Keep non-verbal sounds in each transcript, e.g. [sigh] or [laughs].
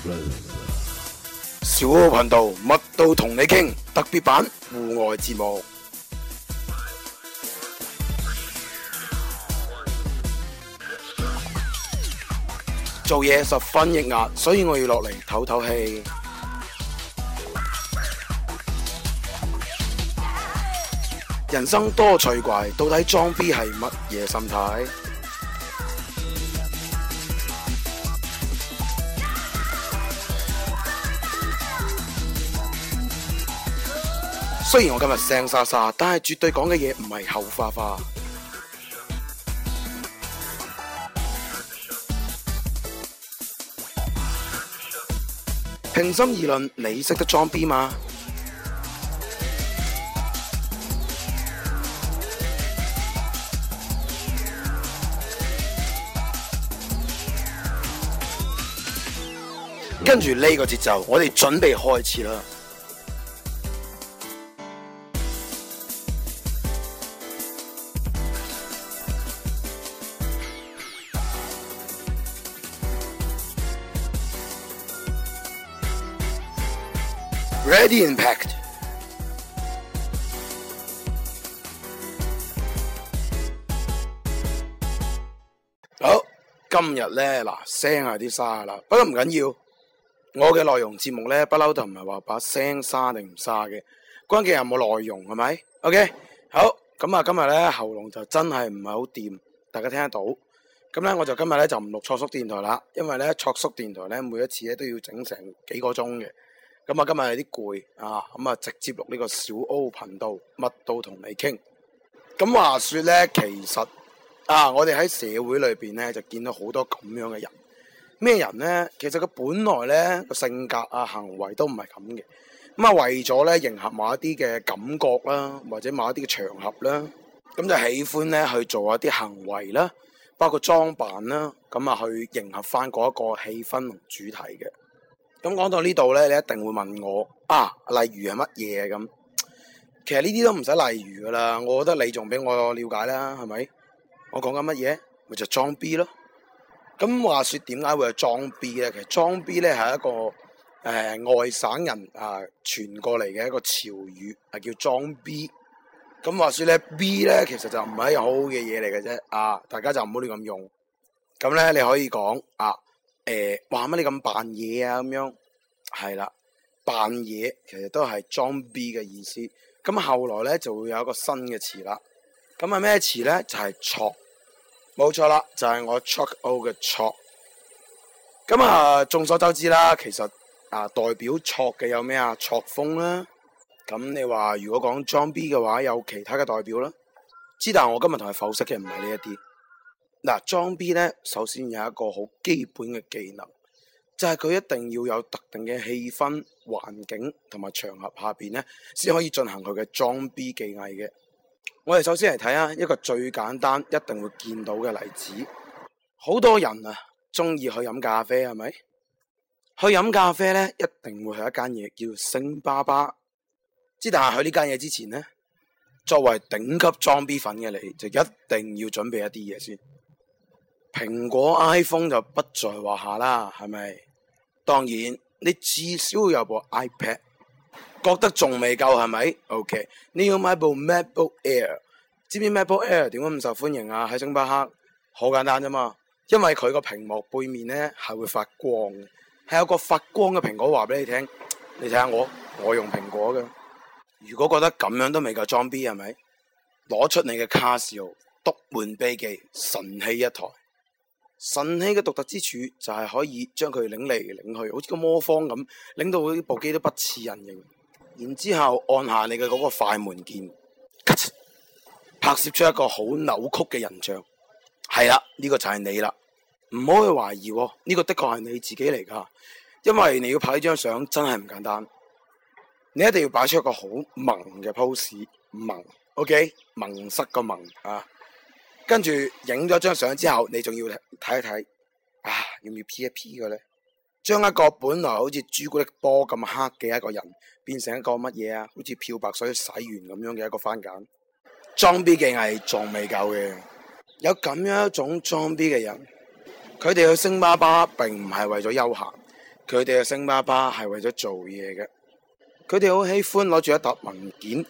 [music] 小號頻道乜都同你傾，特別版戶外節目。 [music] 做嘢十分抑壓，所以我要落嚟透透氣。 [music] 人生多趣怪，到底裝逼係乜嘢心態？雖然我今日聲沙沙，但係絕對講嘅嘢唔係口花花。平心而論，你識得裝逼嗎？嗯、跟住呢個節奏，我哋準備開始啦。好，今日咧嗱，聲係啲沙啦，不過唔緊要。我嘅內容節目咧，不嬲都唔係話把聲沙定唔沙嘅，關鍵有冇內容係咪？OK，好，咁啊，今日咧喉嚨就真係唔係好掂，大家聽得到。咁咧，我就今日咧就唔錄卓叔電台啦，因為咧卓叔電台咧每一次咧都要整成幾個鐘嘅。咁啊，今日有啲攰啊，咁啊，直接錄呢個小 O 頻道，乜都同你傾。咁啊，話說呢，其實啊，我哋喺社會裏邊呢，就見到好多咁樣嘅人。咩人呢？其實佢本來呢個性格啊、行為都唔係咁嘅。咁啊，為咗呢迎合某一啲嘅感覺啦、啊，或者某一啲嘅場合啦、啊，咁就喜歡呢去做一啲行為啦、啊，包括裝扮啦、啊，咁啊，啊去迎合翻嗰一個氣氛同主題嘅。咁講到呢度咧，你一定會問我啊，例如係乜嘢咁？其實呢啲都唔使例如噶啦，我覺得你仲俾我了解啦，係咪？我講緊乜嘢？咪就裝 B 咯。咁話說點解會係裝 B 呢？其實裝 B 咧係一個誒、呃、外省人啊傳、呃、過嚟嘅一個潮語，係叫裝 B。咁話說咧，B 咧其實就唔係好好嘅嘢嚟嘅啫，啊！大家就唔好亂咁用。咁咧你可以講啊。誒，話乜、欸、你咁扮嘢啊？咁樣係啦，扮嘢其實都係裝 B 嘅意思。咁後來咧就會有一個新嘅詞啦。咁係咩詞咧？就係錯，冇錯啦，就係、是、我 chok o 嘅 chok。咁啊，眾所周知啦，其實啊代表錯嘅有咩啊？錯鋒啦。咁你話如果講裝 B 嘅話，有其他嘅代表啦。知但係我今日同你剖析嘅唔係呢一啲。嗱，裝 B 咧，首先有一個好基本嘅技能，就係、是、佢一定要有特定嘅氣氛、環境同埋場合下邊咧，先可以進行佢嘅裝 B 技藝嘅。我哋首先嚟睇下一個最簡單一定會見到嘅例子，好多人啊，中意去飲咖啡，係咪？去飲咖啡咧，一定會去一間嘢叫星巴巴。知但係去呢間嘢之前呢，作為頂級裝 B 粉嘅你，就一定要準備一啲嘢先。蘋果 iPhone 就不在話下啦，係咪？當然，你至少有部 iPad，覺得仲未夠係咪？OK，你要買部 MacBook Air，知唔知 MacBook Air 點解咁受歡迎啊？喺星巴克，好簡單啫嘛，因為佢個屏幕背面咧係會發光嘅，係有個發光嘅蘋果話俾你聽。你睇下我，我用蘋果嘅，如果覺得咁樣都未夠裝逼，係咪？攞出你嘅 Casio，獨門秘技神器一台。神器嘅獨特之處就係可以將佢擰嚟擰去，好似個魔方咁擰到部機都不似人形。然之後按下你嘅嗰個快門鍵，咔嚓，拍攝出一個好扭曲嘅人像。係啦，呢個就係你啦，唔好去懷疑呢個的確係你自己嚟噶，因為你要拍呢張相真係唔簡單。你一定要擺出一個好萌嘅 pose，萌，OK，萌失個萌啊！跟住影咗張相之後，你仲要睇一睇，啊，要唔要 P 一 P 嘅呢？將一個本來好似朱古力波咁黑嘅一個人，變成一個乜嘢啊？好似漂白水洗完咁樣嘅一個番緊，裝逼嘅係仲未夠嘅。有咁樣一種裝逼嘅人，佢哋去星巴巴並唔係為咗休閒，佢哋去星巴巴係為咗做嘢嘅。佢哋好喜歡攞住一沓文件。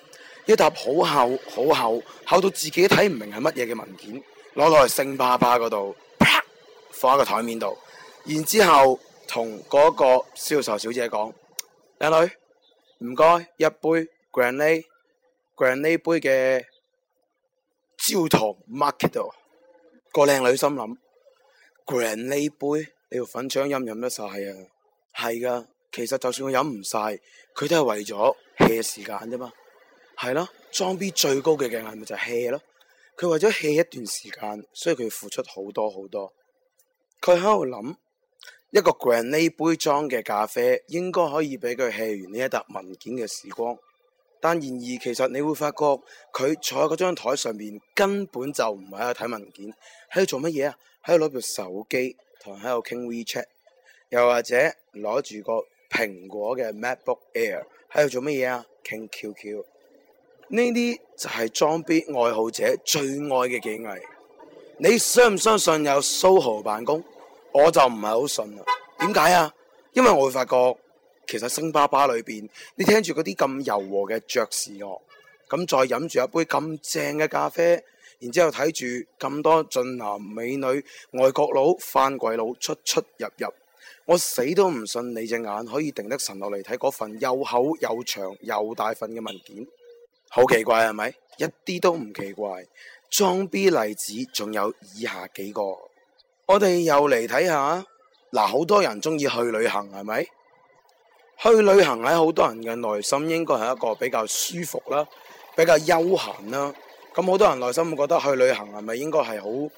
一沓好厚好厚，厚到自己睇唔明係乜嘢嘅文件，攞落嚟星巴巴嗰度，啪放喺個台面度，然之後同嗰個銷售小姐講：靚 [laughs] 女，唔該一杯 Grande，Grande 杯嘅焦糖 Macchiato。個靚女心諗 Grande 杯你條粉腸飲唔飲得晒啊！係噶，其實就算我飲唔晒，佢都係為咗 hea 時間啫嘛。係咯，裝逼最高嘅境界咪就係 hea 咯。佢為咗 hea 一段時間，所以佢付出好多好多。佢喺度諗一個 granley 杯裝嘅咖啡，應該可以俾佢 hea 完呢一沓文件嘅時光。但然而，其實你會發覺佢坐喺嗰張台上面，根本就唔係喺度睇文件，喺度做乜嘢啊？喺度攞部手機同人喺度傾 WeChat，又或者攞住個蘋果嘅 MacBook Air 喺度做乜嘢啊？傾 QQ。呢啲就係裝逼愛好者最愛嘅技藝。你相唔相信有 soho 辦公？我就唔係好信啦。點解啊？因為我會發覺，其實星巴巴裏邊，你聽住嗰啲咁柔和嘅爵士樂，咁再飲住一杯咁正嘅咖啡，然之後睇住咁多俊男美女、外國佬、番鬼佬出出入入，我死都唔信你隻眼可以定得神落嚟睇嗰份又厚又長又大份嘅文件。好奇怪係咪？一啲都唔奇怪。裝 B 例子仲有以下幾個，我哋又嚟睇下。嗱，好多人中意去旅行，係咪？去旅行喺好多人嘅內心應該係一個比較舒服啦，比較休閒啦。咁好多人內心會覺得去旅行係咪應該係好誒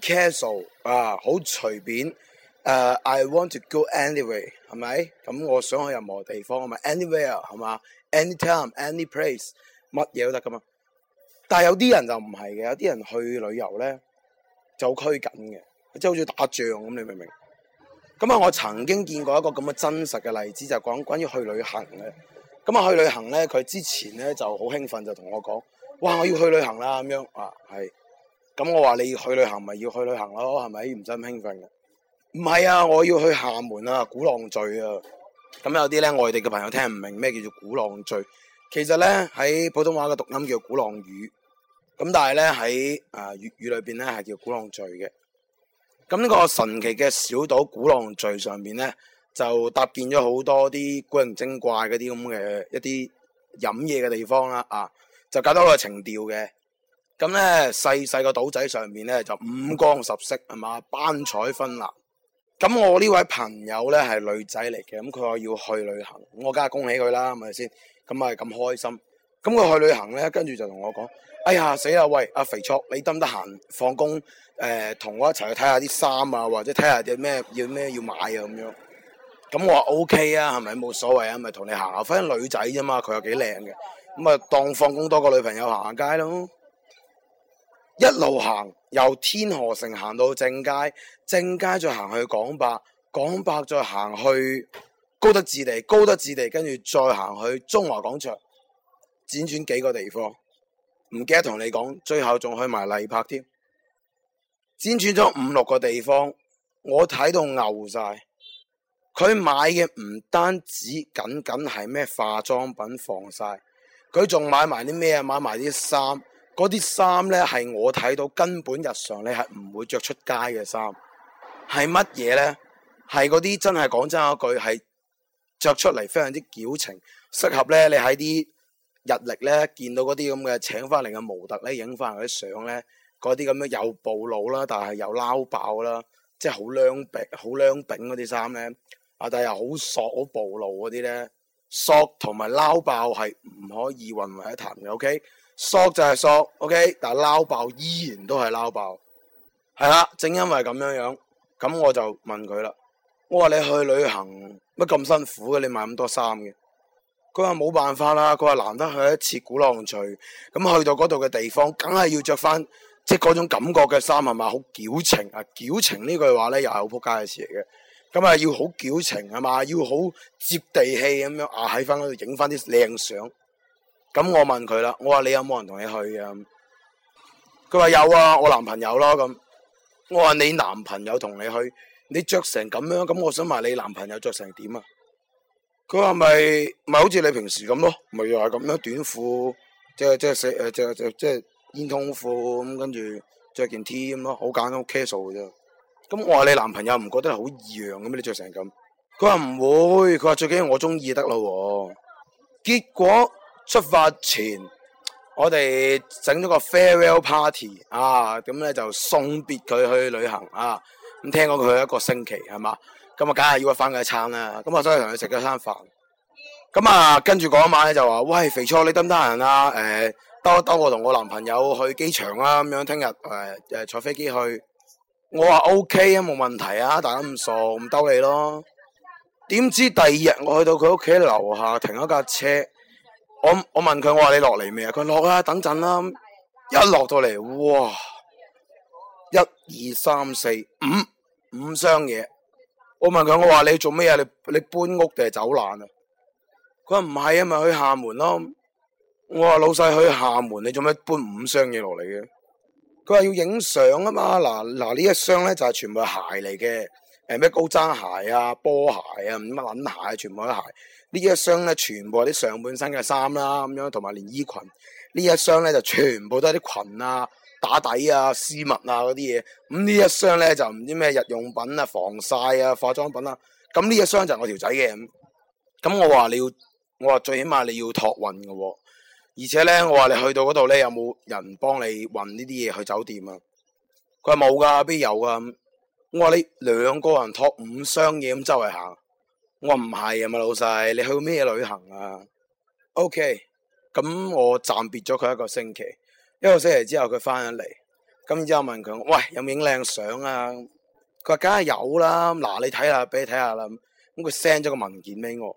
casual 啊，好隨便。誒、uh，I want to go anywhere，係咪？咁我想去任何地方啊嘛，anywhere 係嘛，anytime，anyplace，乜嘢都得噶嘛。但係有啲人就唔係嘅，有啲人去旅遊咧就拘、就是、好拘謹嘅，即係好似打仗咁，你明唔明？咁啊，我曾經見過一個咁嘅真實嘅例子，就講、是、關於去旅行咧。咁啊，去旅行咧，佢之前咧就好興奮，就同我講：哇，我要去旅行啦！咁樣啊，係。咁我話你要去旅行咪要去旅行咯，係、就、咪、是？唔使咁興奮嘅。唔係啊！我要去廈門啊，鼓浪嶼啊。咁、嗯、有啲咧外地嘅朋友聽唔明咩叫做鼓浪嶼，其實咧喺普通話嘅讀音叫鼓浪嶼，咁、嗯、但係咧喺啊粵語裏邊咧係叫鼓浪嶼嘅。咁、嗯、呢、這個神奇嘅小島鼓浪嶼上面咧，就搭建咗好多啲古靈精怪嗰啲咁嘅一啲飲嘢嘅地方啦、啊，啊，就搞到個情調嘅。咁咧細細個島仔上面咧就五光十色，係嘛，斑彩紛爛。咁我呢位朋友呢係女仔嚟嘅，咁佢話要去旅行，我梗係恭喜佢啦，係咪先？咁啊，咁開心，咁佢去旅行呢，跟住就同我講：哎呀死啦，喂阿、啊、肥卓，你得唔得閒放工？誒、同、呃、我一齊去睇下啲衫啊，或者睇下啲咩要咩要買啊咁樣。咁我話 O K 啊，係咪？冇所謂啊，咪同你行下，反正女仔啫嘛，佢又幾靚嘅，咁啊當放工多個女朋友行下街咯。一路行，由天河城行到正佳，正佳再行去廣百，廣百再行去高德置地，高德置地跟住再行去中華廣場，輾轉幾個地方，唔記得同你講，最後仲去埋麗柏添，輾轉咗五六個地方，我睇到牛晒，佢買嘅唔單止僅僅係咩化妝品防曬，佢仲買埋啲咩啊，買埋啲衫。嗰啲衫咧，係我睇到根本日常你係唔會着出街嘅衫，係乜嘢咧？係嗰啲真係講真一句係着出嚟非常之矯情，適合咧你喺啲日曆咧見到嗰啲咁嘅請翻嚟嘅模特咧影翻嚟啲相咧，嗰啲咁嘅又暴露啦，但係又撈爆啦，即係好靚柄好靚柄嗰啲衫咧，啊！但係又好索好暴露嗰啲咧，索同埋撈爆係唔可以混為一談嘅，OK？索就係索，OK，但係撈爆依然都係撈爆，係啦，正因為咁樣樣，咁我就問佢啦，我話你去旅行乜咁辛苦嘅，你買咁多衫嘅？佢話冇辦法啦，佢話難得去一次鼓浪嶼，咁去到嗰度嘅地方，梗係要着翻即係嗰種感覺嘅衫係嘛，好矯情啊！矯情呢句話呢又係好仆街嘅事嚟嘅，咁啊要好矯情係嘛，要好接地氣咁樣啊，喺翻嗰度影翻啲靚相。咁我問佢啦，我話你有冇人同你去啊？佢、嗯、話有啊，我男朋友咯咁。我話你男朋友同你去，你着成咁樣，咁我想問你男朋友着成點啊？佢話咪咪好似你平時咁咯，咪又係咁樣短褲，即係即係死誒，即係即係煙通褲咁，跟住着件 T 咁咯，好簡單，casual 嘅啫。咁、嗯、我話你男朋友唔覺得好異樣嘅咩？你着成咁？佢話唔會，佢話最緊要我中意得咯。結果。出發前，我哋整咗個 farewell party 啊，咁咧就送別佢去旅行啊。咁聽講佢去一個星期係嘛？咁啊，梗係要一翻佢一餐啦。咁啊，走去同佢食咗餐飯。咁啊，跟住嗰晚咧就話，喂，肥初，你得唔得閒啊？誒、欸，兜一兜，我同我男朋友去機場啦，啊。咁樣聽日誒誒坐飛機去。我話 OK 啊，冇問題啊，大家唔傻唔兜你咯。點知第二日我去到佢屋企樓下停咗架車。我我問佢，我話，你落嚟未啊？佢落啊，等陣啦。一落到嚟，哇！一二三四五五箱嘢。我問佢，我話，你做咩啊？你你搬屋定係走難啊？佢話唔係啊，咪、就是、去廈門咯。我話，老細，去廈門，你做咩搬五箱嘢落嚟嘅？佢話要影相啊嘛。嗱嗱呢一箱咧就係、是、全部鞋嚟嘅，誒咩高踭鞋啊、波鞋啊、乜捻鞋啊，全部都係鞋。呢一箱咧，全部係啲上半身嘅衫啦，咁樣同埋連衣裙。呢一箱咧就全部都係啲裙啊、打底啊、絲襪啊嗰啲嘢。咁呢、嗯、一箱咧就唔知咩日用品啊、防曬啊、化妝品啊。咁呢一箱就係我條仔嘅。咁我話你要，我話最起碼你要託運嘅。而且咧，我話你去到嗰度咧，有冇人幫你運呢啲嘢去酒店啊？佢話冇噶，邊有噶？我話你兩個人托五箱嘢咁周圍行。我話唔係啊嘛，老細，你去咩旅行啊？OK，咁我暫別咗佢一個星期，一個星期之後佢翻咗嚟，咁然之後問佢，喂，有冇影靚相啊？佢話梗係有啦，嗱，你睇下，俾你睇下啦。咁佢 send 咗個文件俾我，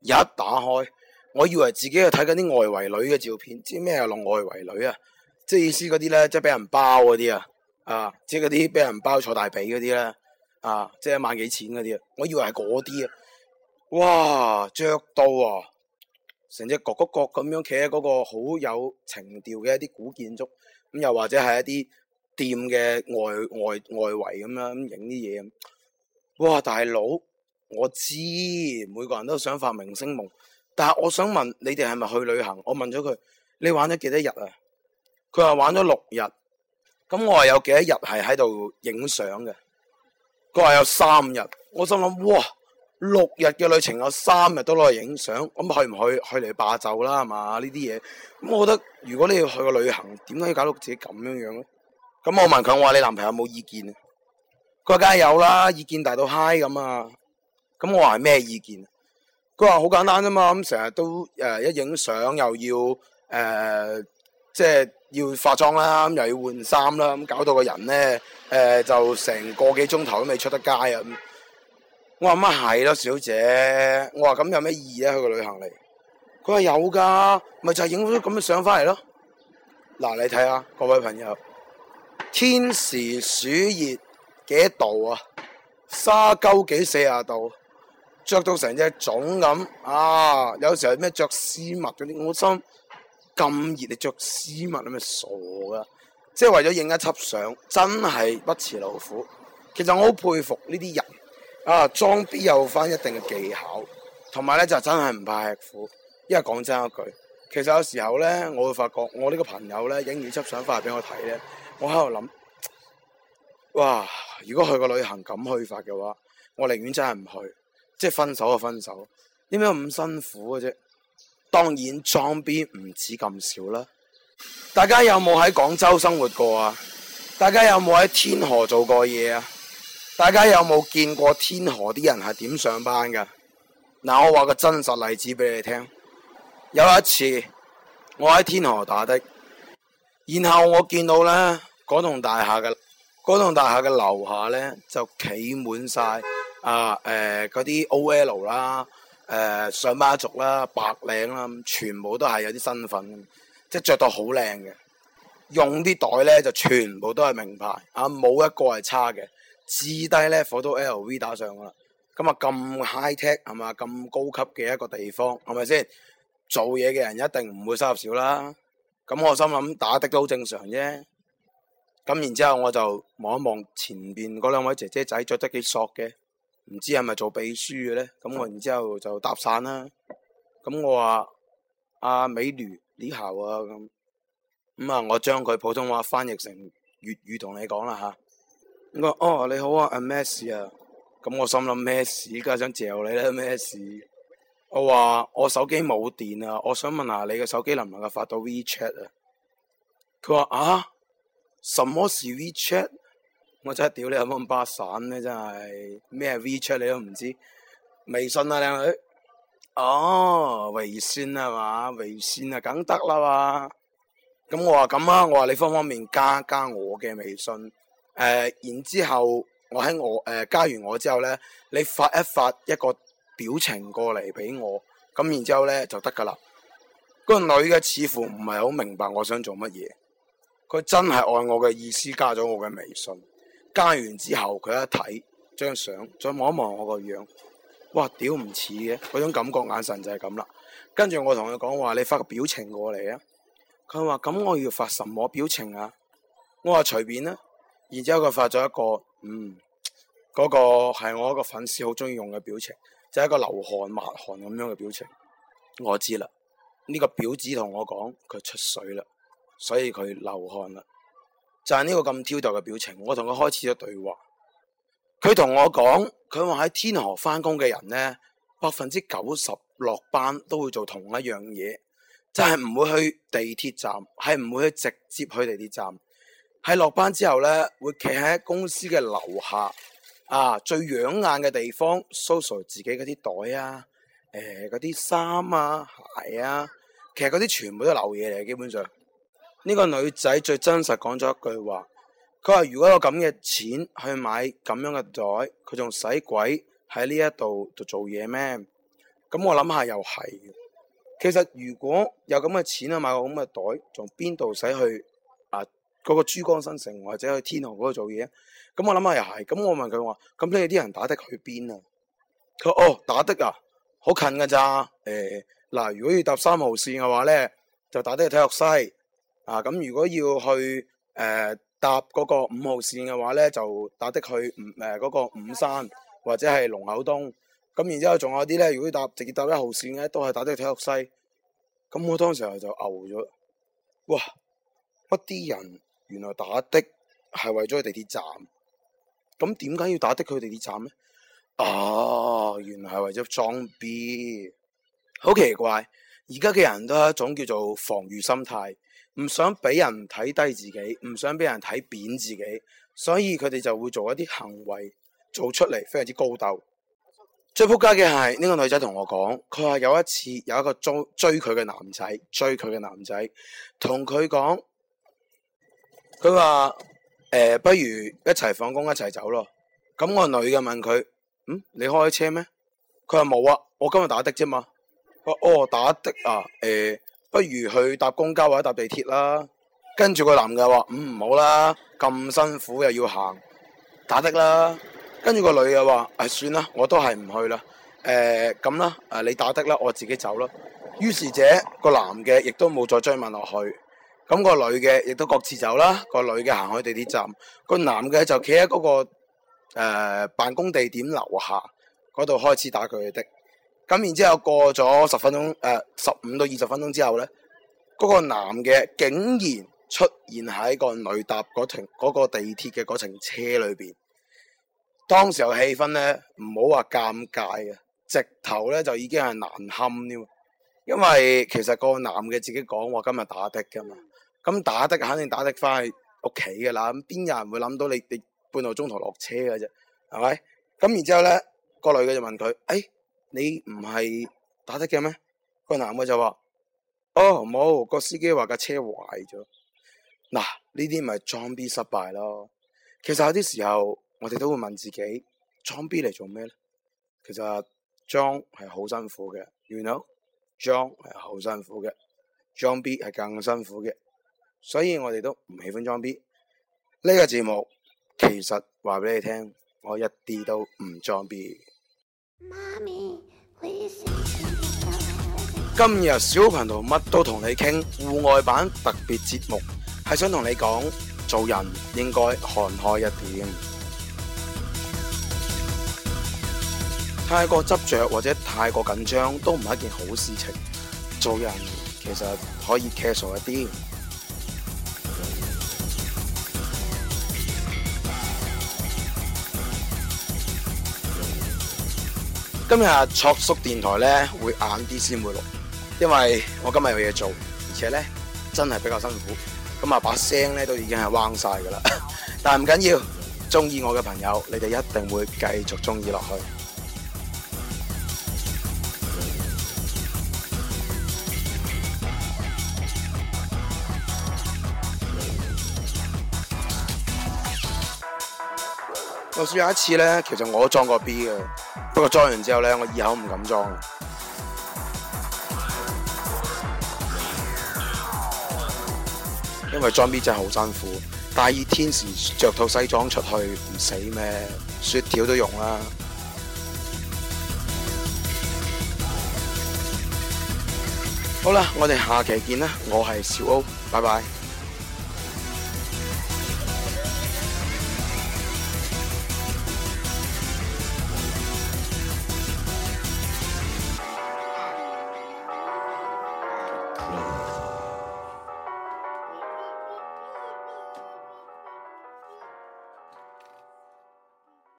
一打開，我以為自己去睇緊啲外圍女嘅照片，知咩係攞外圍女啊？即係意思嗰啲咧，即係俾人包嗰啲啊，啊，即係嗰啲俾人包坐大髀嗰啲咧，啊，即係一萬幾錢嗰啲，我以為係嗰啲啊。哇，着到啊！成隻角角角咁樣企喺嗰個好有情調嘅一啲古建築，咁又或者係一啲店嘅外外外圍咁樣影啲嘢。哇，大佬，我知每個人都想發明星夢，但係我想問你哋係咪去旅行？我問咗佢，你玩咗幾多日啊？佢話玩咗六日，咁我話有幾多日係喺度影相嘅？佢話有三日，我心諗哇。六日嘅旅程有三日都攞嚟影相，咁去唔去去嚟霸就啦，係嘛呢啲嘢？咁我覺得如果你要去個旅行，點解要搞到自己咁樣樣咧？咁我問佢：我話你男朋友冇意見？佢話：梗係有啦，意見大到嗨咁啊！咁我話：咩意見？佢話：好簡單啫嘛，咁成日都誒、呃、一影相又要誒、呃，即係要化妝啦，又要換衫啦，咁搞到個人呢，誒、呃、就成個幾鐘頭都未出得街啊！嗯我話乜係咯，小姐。我話咁有咩意義咧？去個旅行嚟？佢話有噶，咪就係影咗咁嘅相翻嚟咯。嗱，你睇下，各位朋友，天時暑熱，幾度啊？沙鳩幾四啊度？着到成隻腫咁啊！有時候咩着絲襪嗰啲，我心咁熱你着絲襪，你咪傻噶？即係為咗影一輯相，真係不辭勞苦。其實我好佩服呢啲人。啊，裝逼有翻一定嘅技巧，同埋咧就真係唔怕吃苦，因為講真一句，其實有時候呢，我會發覺我呢個朋友呢，影完輯相發俾我睇呢。我喺度諗，哇！如果去個旅行咁去法嘅話，我寧願真係唔去，即係分手就分手，點解咁辛苦嘅啫？當然裝逼唔止咁少啦，大家有冇喺廣州生活過啊？大家有冇喺天河做過嘢啊？大家有冇見過天河啲人係點上班㗎？嗱、嗯，我話個真實例子俾你聽。有一次，我喺天河打的，然後我見到呢嗰棟大廈嘅嗰棟大廈嘅樓下呢，就企滿晒啊！誒嗰啲 O.L. 啦、啊、誒上班族啦、白領啦，全部都係有啲身份，即係著到好靚嘅，用啲袋呢，就全部都係名牌啊，冇一個係差嘅。至低咧，火都 LV 打上啦！咁啊，咁 high tech 係嘛，咁高級嘅一個地方，係咪先？做嘢嘅人一定唔會收入少啦。咁我心諗打的都正常啫。咁然之後我就望一望前邊嗰兩位姐姐仔，着得幾索嘅，唔知係咪做秘書嘅咧？咁我然之後就搭訕啦。咁我話：阿、啊、美女你好啊，咁咁啊，我將佢普通話翻譯成粵語同你講啦吓。啊我說哦你好啊，阿 m 咩事啊？咁我心諗咩事？而家想嚼你啦咩事？我話、啊啊啊、我，我手機冇電啊，我想問下你嘅手機能唔能夠發到 WeChat 啊？佢話啊，什麼是 WeChat？我真係屌你有冇咁巴散咧！真係咩 WeChat 你都唔知？微信啊靚女，哦，微信啊嘛，微信啊梗得啦嘛。咁我話咁啊，啊啊啊嗯、我話、嗯、你方方便加加我嘅微信。誒、呃，然之後我喺我誒、呃、加完我之後呢，你發一發一個表情過嚟俾我，咁然之後咧就得噶啦。個女嘅似乎唔係好明白我想做乜嘢，佢真係按我嘅意思加咗我嘅微信。加完之後佢一睇張相，再望一望我個樣，哇！屌唔似嘅，嗰種感覺眼神就係咁啦。跟住我同佢講話，你發個表情過嚟啊！佢話咁我要發什麼表情啊？我話隨便啦。然之後佢發咗一個，嗯，嗰、嗰個係我一個粉絲好中意用嘅表情，就係，一個流汗抹汗咁樣嘅表情，我知啦。呢、呢個表子同我講佢出水啦，所以佢流汗啦，就係，是，呢個咁挑逗嘅表情。我同佢開始咗對話，佢同我講，佢話喺天河翻工嘅人呢，百分之九十落班都會做同一樣嘢，就係，是，唔會去地鐵站，係唔會去直接去地鐵站。喺落班之後呢，會企喺公司嘅樓下啊，最養眼嘅地方 show 自己嗰啲袋啊，誒嗰啲衫啊、鞋啊，其實嗰啲全部都係流嘢嚟，基本上。呢個女仔最真實講咗一句話，佢話：如果有咁嘅錢去買咁樣嘅袋，佢仲使鬼喺呢一度度做嘢咩？咁我諗下又係。其實如果有咁嘅錢去買個咁嘅袋，仲邊度使去？嗰個珠江新城或者去天河嗰度做嘢，咁我諗下，又係，咁我問佢話，咁你啲人打的去邊？哦、啊？佢哦打的啊，好近嘅咋，誒嗱如果要搭三號線嘅話咧，就打的去體育西啊，咁如果要去誒搭嗰個五號線嘅話咧，就打的去誒嗰個五山或者係龍口東，咁然之後仲有啲咧，如果搭直接搭一號線咧，都係打的去體育西，咁，啊呃呃那個，我當時就牛咗，哇乜啲人。原來打的係為咗去地鐵站，咁點解要打的去地鐵站呢？哦、啊，原來係為咗裝逼，好奇怪！而家嘅人都有一種叫做防禦心態，唔想俾人睇低自己，唔想俾人睇扁自己，所以佢哋就會做一啲行為做出嚟，非常之高斗。最扑街嘅係呢個女仔同我講，佢話有一次有一個追追佢嘅男仔，追佢嘅男仔同佢講。佢話：誒、呃，不如一齊放工一齊走咯。咁個女嘅問佢：嗯，你開車咩？佢話冇啊，我今日打的啫嘛。佢：哦，打的啊。誒、呃，不如去搭公交或者搭地鐵啦。跟住個男嘅話：嗯，唔好啦，咁辛苦又要行，打的啦。跟住個女嘅話：誒，算啦，我都係唔去啦。誒、呃，咁啦，誒、呃，你打的啦，我自己走啦。於是者個男嘅亦都冇再追問落去。咁個女嘅亦都各自走啦。個個女嘅行去地鐵站，個個男嘅就企喺嗰個辦、呃、辦公地點樓下嗰度開始打佢的。咁然之後過咗十分鐘，誒、呃、十五到二十分鐘之後呢，嗰、嗰個男嘅竟然出現喺個女搭嗰程、嗰、嗰個地鐵嘅嗰程車裏面。當時候氣氛呢，唔好話尷尬呀，直頭呢就已經係難堪添，因為其實個男嘅自己講話今日打的噶嘛。咁打的肯定打的翻去屋企㗎啦，咁邊有人會諗到你你半個鐘頭落車㗎啫，係咪？咁然之後咧，個女嘅就問佢：誒、哎，你唔係打的嘅咩？個男嘅就話：哦，冇，個司機話架車壞咗。嗱，呢啲咪裝 B 失敗咯。其實有啲時候我哋都會問自己：裝 B 嚟做咩咧？其實裝係好辛苦嘅，you know，裝係好辛苦嘅，裝 B 係更辛苦嘅。所以我哋都唔喜歡裝逼。呢個節目其實話俾你聽，我一啲都唔裝逼。今日小頻道乜都同你傾戶外版特別節目，係想同你講，做人應該看開一點。太過執着或者太過緊張都唔係一件好事情。做人其實可以 casual 一啲。今日啊，卓叔電台呢會晏啲先會錄，因為我今日有嘢做，而且呢真係比較辛苦，咁啊把聲呢都已經係崩晒噶啦，但係唔緊要，中意我嘅朋友，你哋一定會繼續中意落去。就算有一次咧，其實我都裝過 B 嘅，不過裝完之後咧，我以後唔敢裝，因為裝 B 真係好辛苦，大熱天時着套西裝出去唔死咩，雪條都用啦，啊！好啦，我哋下期見啦，我係小歐，拜拜。